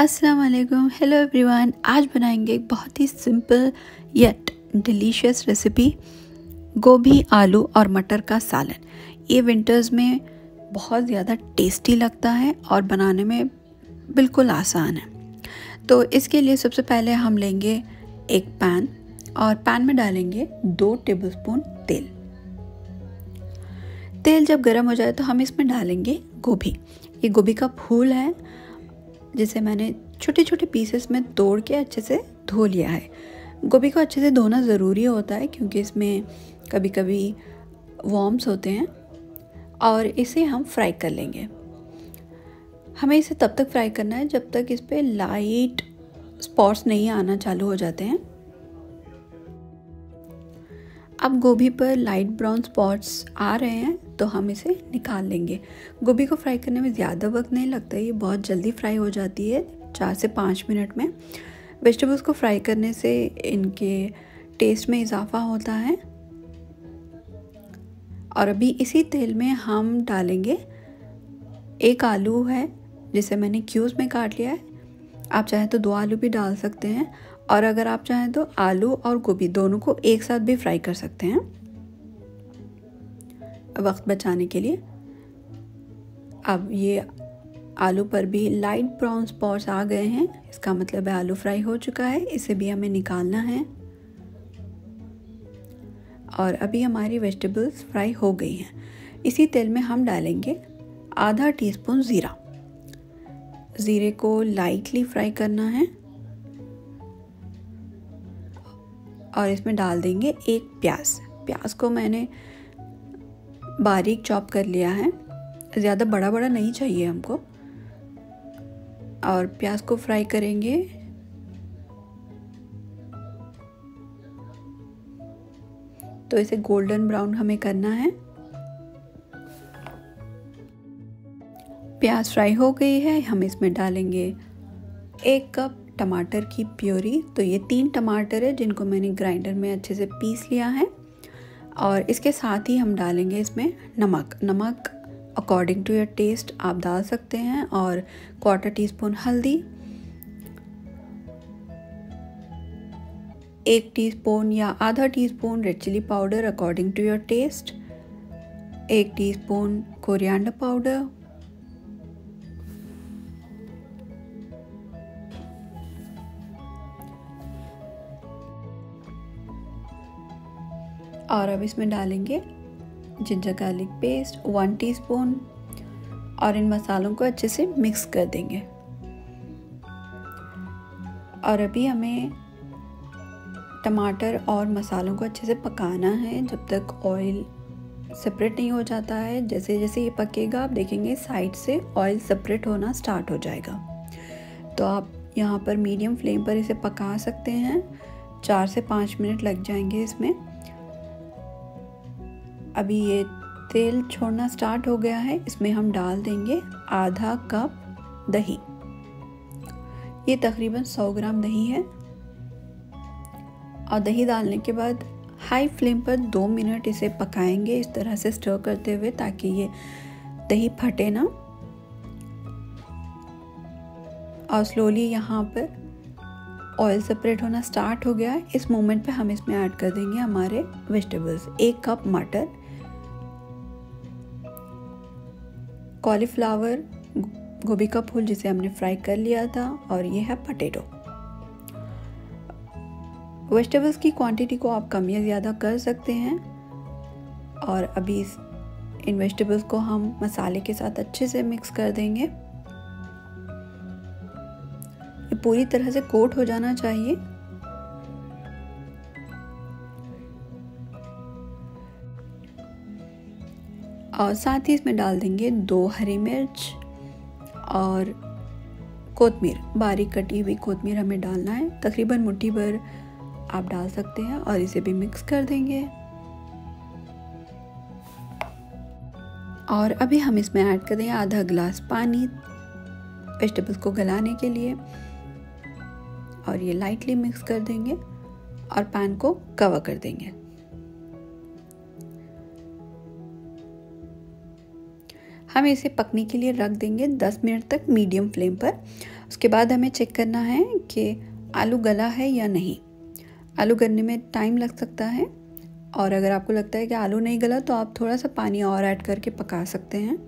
अस्सलाम वालेकुम hello everyone आज बनाएंगे एक बहुत ही सिंपल येट डिलीशियस रेसिपी गोभी आलू और मटर का सालन ये विंटर्स में बहुत ज़्यादा टेस्टी लगता है और बनाने में बिल्कुल आसान है तो इसके लिए सबसे पहले हम लेंगे एक पैन और पैन में डालेंगे दो टेबलस्पून तेल तेल जब गर्म हो जाए तो हम इसमें डालेंगे गोभी ये गोभी का फूल है जिसे मैंने छोटे छोटे पीसेस में तोड़ के अच्छे से धो लिया है गोभी को अच्छे से धोना ज़रूरी होता है क्योंकि इसमें कभी कभी वॉम्स होते हैं और इसे हम फ्राई कर लेंगे हमें इसे तब तक फ्राई करना है जब तक इस पर लाइट स्पॉट्स नहीं आना चालू हो जाते हैं अब गोभी पर लाइट ब्राउन स्पॉट्स आ रहे हैं तो हम इसे निकाल लेंगे गोभी को फ्राई करने में ज़्यादा वक्त नहीं लगता ये बहुत जल्दी फ्राई हो जाती है चार से पाँच मिनट में वेजिटेबल्स को फ्राई करने से इनके टेस्ट में इजाफा होता है और अभी इसी तेल में हम डालेंगे एक आलू है जिसे मैंने क्यूज़ में काट लिया है आप चाहें तो दो आलू भी डाल सकते हैं और अगर आप चाहें तो आलू और गोभी दोनों को एक साथ भी फ्राई कर सकते हैं वक्त बचाने के लिए अब ये आलू पर भी लाइट ब्राउन स्पॉट्स आ गए हैं इसका मतलब है आलू फ्राई हो चुका है इसे भी हमें निकालना है और अभी हमारी वेजिटेबल्स फ्राई हो गई हैं इसी तेल में हम डालेंगे आधा टीस्पून ज़ीरा ज़ीरे को लाइटली फ्राई करना है और इसमें डाल देंगे एक प्याज प्याज को मैंने बारीक चॉप कर लिया है ज़्यादा बड़ा बड़ा नहीं चाहिए हमको और प्याज को फ्राई करेंगे तो इसे गोल्डन ब्राउन हमें करना है प्याज फ्राई हो गई है हम इसमें डालेंगे एक कप टमाटर की प्योरी तो ये तीन टमाटर है जिनको मैंने ग्राइंडर में अच्छे से पीस लिया है और इसके साथ ही हम डालेंगे इसमें नमक नमक अकॉर्डिंग टू योर टेस्ट आप डाल सकते हैं और क्वार्टर टी स्पून हल्दी एक टीस्पून या आधा teaspoon red chilli powder according to your taste एक टीस्पून कोरिएंडर पाउडर और अब इसमें डालेंगे ginger garlic paste one teaspoon और इन मसालों को अच्छे से मिक्स कर देंगे और अभी हमें टमाटर और मसालों को अच्छे से पकाना है जब तक ऑयल सेपरेट नहीं हो जाता है जैसे जैसे ये पकेगा आप देखेंगे साइड से ऑयल सेपरेट होना स्टार्ट हो जाएगा तो आप यहाँ पर मीडियम फ्लेम पर इसे पका सकते हैं चार से पाँच मिनट लग जाएंगे इसमें अभी ये तेल छोड़ना स्टार्ट हो गया है इसमें हम डाल देंगे आधा कप दही ये तकरीबन 100 ग्राम दही है और दही डालने के बाद हाई फ्लेम पर दो मिनट इसे पकाएंगे इस तरह से स्टर करते हुए ताकि ये दही फटे ना और स्लोली यहाँ पर ऑयल सेपरेट होना स्टार्ट हो गया है इस मोमेंट पे हम इसमें ऐड कर देंगे हमारे वेजिटेबल्स एक कप मटर कॉलीफ्लावर गोभी का फूल जिसे हमने फ्राई कर लिया था और ये है पटेटो वेजिटेबल्स की क्वांटिटी को आप कम या ज़्यादा कर सकते हैं और अभी इस इन वेजिटेबल्स को हम मसाले के साथ अच्छे से मिक्स कर देंगे ये पूरी तरह से कोट हो जाना चाहिए और साथ ही इसमें डाल देंगे दो हरी मिर्च और कोतमीर बारीक कटी हुई कोतमीर हमें डालना है तकरीबन मुट्ठी भर आप डाल सकते हैं और इसे भी मिक्स कर देंगे और अभी हम इसमें ऐड कर देंगे आधा गिलास पानी वेजिटेबल्स को गलाने के लिए और ये लाइटली मिक्स कर देंगे और पैन को कवर कर देंगे हम इसे पकने के लिए रख देंगे 10 मिनट तक मीडियम फ्लेम पर उसके बाद हमें चेक करना है कि आलू गला है या नहीं आलू गलने में टाइम लग सकता है और अगर आपको लगता है कि आलू नहीं गला तो आप थोड़ा सा पानी और ऐड करके पका सकते हैं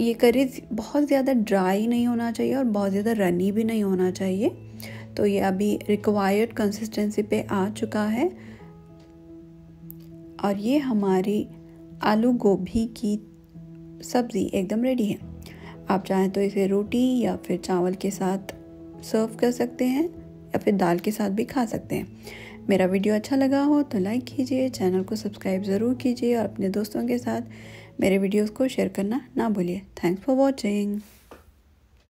ये करी बहुत ज़्यादा ड्राई नहीं होना चाहिए और बहुत ज़्यादा रनी भी नहीं होना चाहिए तो ये अभी रिक्वायर्ड कंसिस्टेंसी पे आ चुका है और ये हमारी आलू गोभी की सब्ज़ी एकदम रेडी है आप चाहें तो इसे रोटी या फिर चावल के साथ सर्व कर सकते हैं या फिर दाल के साथ भी खा सकते हैं मेरा वीडियो अच्छा लगा हो तो लाइक कीजिए चैनल को सब्सक्राइब ज़रूर कीजिए और अपने दोस्तों के साथ मेरे वीडियोस को शेयर करना ना भूलिए थैंक्स फॉर वॉचिंग